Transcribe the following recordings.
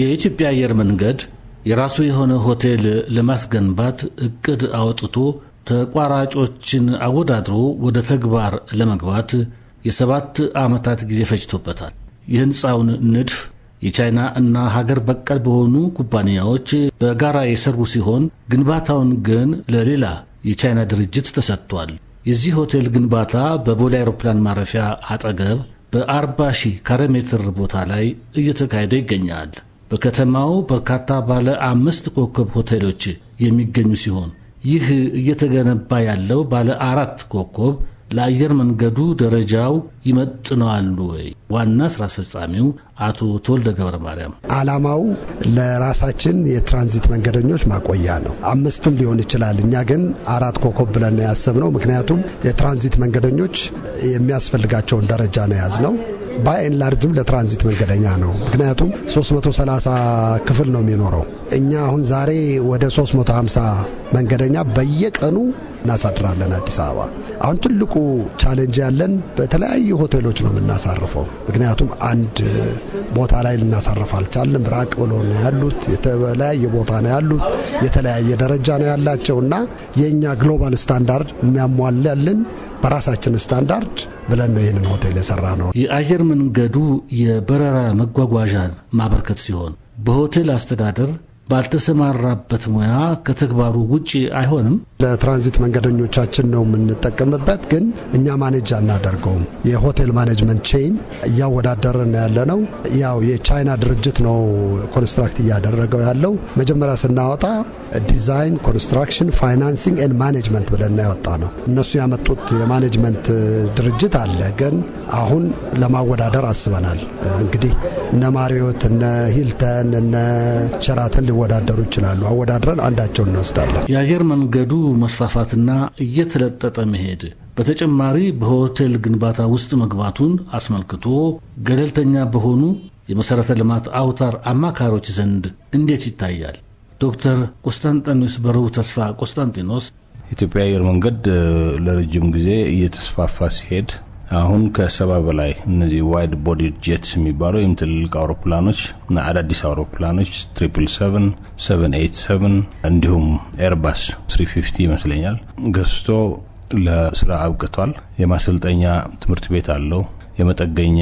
የኢትዮጵያ አየር መንገድ የራሱ የሆነ ሆቴል ለማስገንባት እቅድ አውጥቶ ተቋራጮችን አወዳድሮ ወደ ተግባር ለመግባት የሰባት ዓመታት ጊዜ ፈጅቶበታል። የሕንፃውን ንድፍ የቻይና እና ሀገር በቀል በሆኑ ኩባንያዎች በጋራ የሰሩ ሲሆን ግንባታውን ግን ለሌላ የቻይና ድርጅት ተሰጥቷል። የዚህ ሆቴል ግንባታ በቦሌ አውሮፕላን ማረፊያ አጠገብ በ ሺህ ካሬ ሜትር ቦታ ላይ እየተካሄደ ይገኛል። በከተማው በርካታ ባለ አምስት ኮከብ ሆቴሎች የሚገኙ ሲሆን ይህ እየተገነባ ያለው ባለ አራት ኮከብ ለአየር መንገዱ ደረጃው ይመጥነዋል ወይ? ዋና ስራ አስፈጻሚው አቶ ተወልደ ገብረ ማርያም አላማው ለራሳችን የትራንዚት መንገደኞች ማቆያ ነው። አምስትም ሊሆን ይችላል። እኛ ግን አራት ኮከብ ብለን ነው ያሰብነው። ምክንያቱም የትራንዚት መንገደኞች የሚያስፈልጋቸውን ደረጃ ነው ያዝነው። ባይን ላርጅም ለትራንዚት መንገደኛ ነው። ምክንያቱም 330 ክፍል ነው የሚኖረው። እኛ አሁን ዛሬ ወደ 350 መንገደኛ በየቀኑ እናሳድራለን አዲስ አበባ። አሁን ትልቁ ቻሌንጅ ያለን በተለያዩ ሆቴሎች ነው የምናሳርፈው። ምክንያቱም አንድ ቦታ ላይ ልናሳርፍ አልቻለም። ራቅ ብሎ ነው ያሉት፣ የተለያየ ቦታ ነው ያሉት፣ የተለያየ ደረጃ ነው ያላቸው እና የእኛ ግሎባል ስታንዳርድ የሚያሟላልን በራሳችን ስታንዳርድ ብለን ነው ይህንን ሆቴል የሰራ ነው። የአየር መንገዱ የበረራ መጓጓዣን ማበርከት ሲሆን በሆቴል አስተዳደር ባልተሰማራበት ሙያ ከተግባሩ ውጭ አይሆንም። ለትራንዚት መንገደኞቻችን ነው የምንጠቀምበት፣ ግን እኛ ማኔጅ አናደርገውም። የሆቴል ማኔጅመንት ቼን እያወዳደርን ያለ ነው። ያው የቻይና ድርጅት ነው ኮንስትራክት እያደረገው ያለው። መጀመሪያ ስናወጣ ዲዛይን፣ ኮንስትራክሽን፣ ፋይናንሲንግ ኤንድ ማኔጅመንት ብለን ያወጣ ነው። እነሱ ያመጡት የማኔጅመንት ድርጅት አለ፣ ግን አሁን ለማወዳደር አስበናል። እንግዲህ እነ ማሪዮት፣ እነ ሂልተን፣ እነ ሸራተን ሊወዳደሩ ይችላሉ። አወዳድረን አንዳቸውን እንወስዳለን። የአየር መንገዱ መስፋፋትና እየተለጠጠ መሄድ በተጨማሪ በሆቴል ግንባታ ውስጥ መግባቱን አስመልክቶ ገለልተኛ በሆኑ የመሠረተ ልማት አውታር አማካሪዎች ዘንድ እንዴት ይታያል? ዶክተር ቆስጣንጢኖስ በረቡ ተስፋ ቆስጣንጢኖስ ኢትዮጵያ አየር መንገድ ለረጅም ጊዜ እየተስፋፋ ሲሄድ አሁን ከሰባ በላይ እነዚህ ዋይድ ቦዲ ጄትስ የሚባሉ ወይም ትልልቅ አውሮፕላኖች እና አዳዲስ አውሮፕላኖች ትሪፕል ሰቨን ሰቨን ኤይት ሰቨን እንዲሁም ኤርባስ ስሪ ፊፍቲ ይመስለኛል ገዝቶ ለስራ አብቅቷል። የማሰልጠኛ ትምህርት ቤት አለው። የመጠገኛ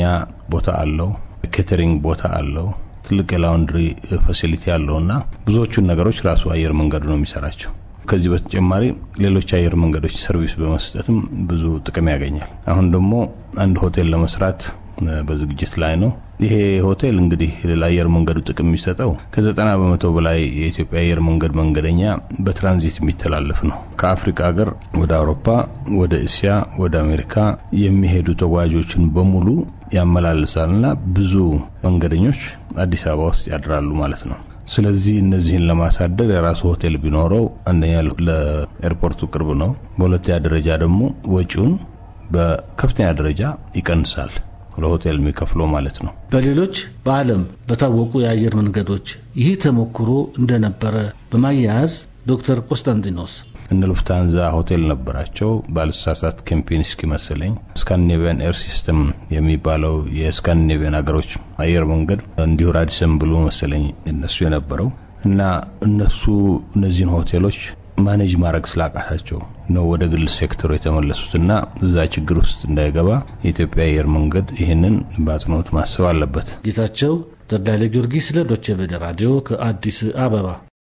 ቦታ አለው። ኬተሪንግ ቦታ አለው። ትልቅ የላውንድሪ ፋሲሊቲ እና ብዙዎቹን ነገሮች ራሱ አየር መንገዱ ነው የሚሰራቸው። ከዚህ በተጨማሪ ሌሎች አየር መንገዶች ሰርቪስ በመስጠትም ብዙ ጥቅም ያገኛል። አሁን ደግሞ አንድ ሆቴል ለመስራት በዝግጅት ላይ ነው። ይሄ ሆቴል እንግዲህ ለአየር መንገዱ ጥቅም የሚሰጠው ከዘጠና በመቶ በላይ የኢትዮጵያ አየር መንገድ መንገደኛ በትራንዚት የሚተላለፍ ነው። ከአፍሪካ ሀገር ወደ አውሮፓ፣ ወደ እስያ፣ ወደ አሜሪካ የሚሄዱ ተጓዦችን በሙሉ ያመላልሳልና ብዙ መንገደኞች አዲስ አበባ ውስጥ ያድራሉ ማለት ነው። ስለዚህ እነዚህን ለማሳደግ የራሱ ሆቴል ቢኖረው አንደኛ ለኤርፖርቱ ቅርብ ነው፣ በሁለተኛ ደረጃ ደግሞ ወጪውን በከፍተኛ ደረጃ ይቀንሳል። ለሆቴል የሚከፍለው ማለት ነው። በሌሎች በዓለም በታወቁ የአየር መንገዶች ይህ ተሞክሮ እንደነበረ በማያያዝ ዶክተር ቆስጠንጢኖስ እነ ሉፍታንዛ ሆቴል ነበራቸው። ባልሳሳት ኬምፒንስኪ መሰለኝ ስካንዲኔቪያን ኤር ሲስተም የሚባለው የስካንዲኔቪያን ሀገሮች አየር መንገድ እንዲሁ ራዲሰን ብሉ መሰለኝ እነሱ የነበረው እና እነሱ እነዚህን ሆቴሎች ማኔጅ ማድረግ ስላቃታቸው ነው ወደ ግል ሴክተሩ የተመለሱትና እዛ ችግር ውስጥ እንዳይገባ የኢትዮጵያ አየር መንገድ ይህንን በአጽንኦት ማሰብ አለበት። ጌታቸው ተድላ ጊዮርጊስ ለዶቼ ቬለ ራዲዮ ከአዲስ አበባ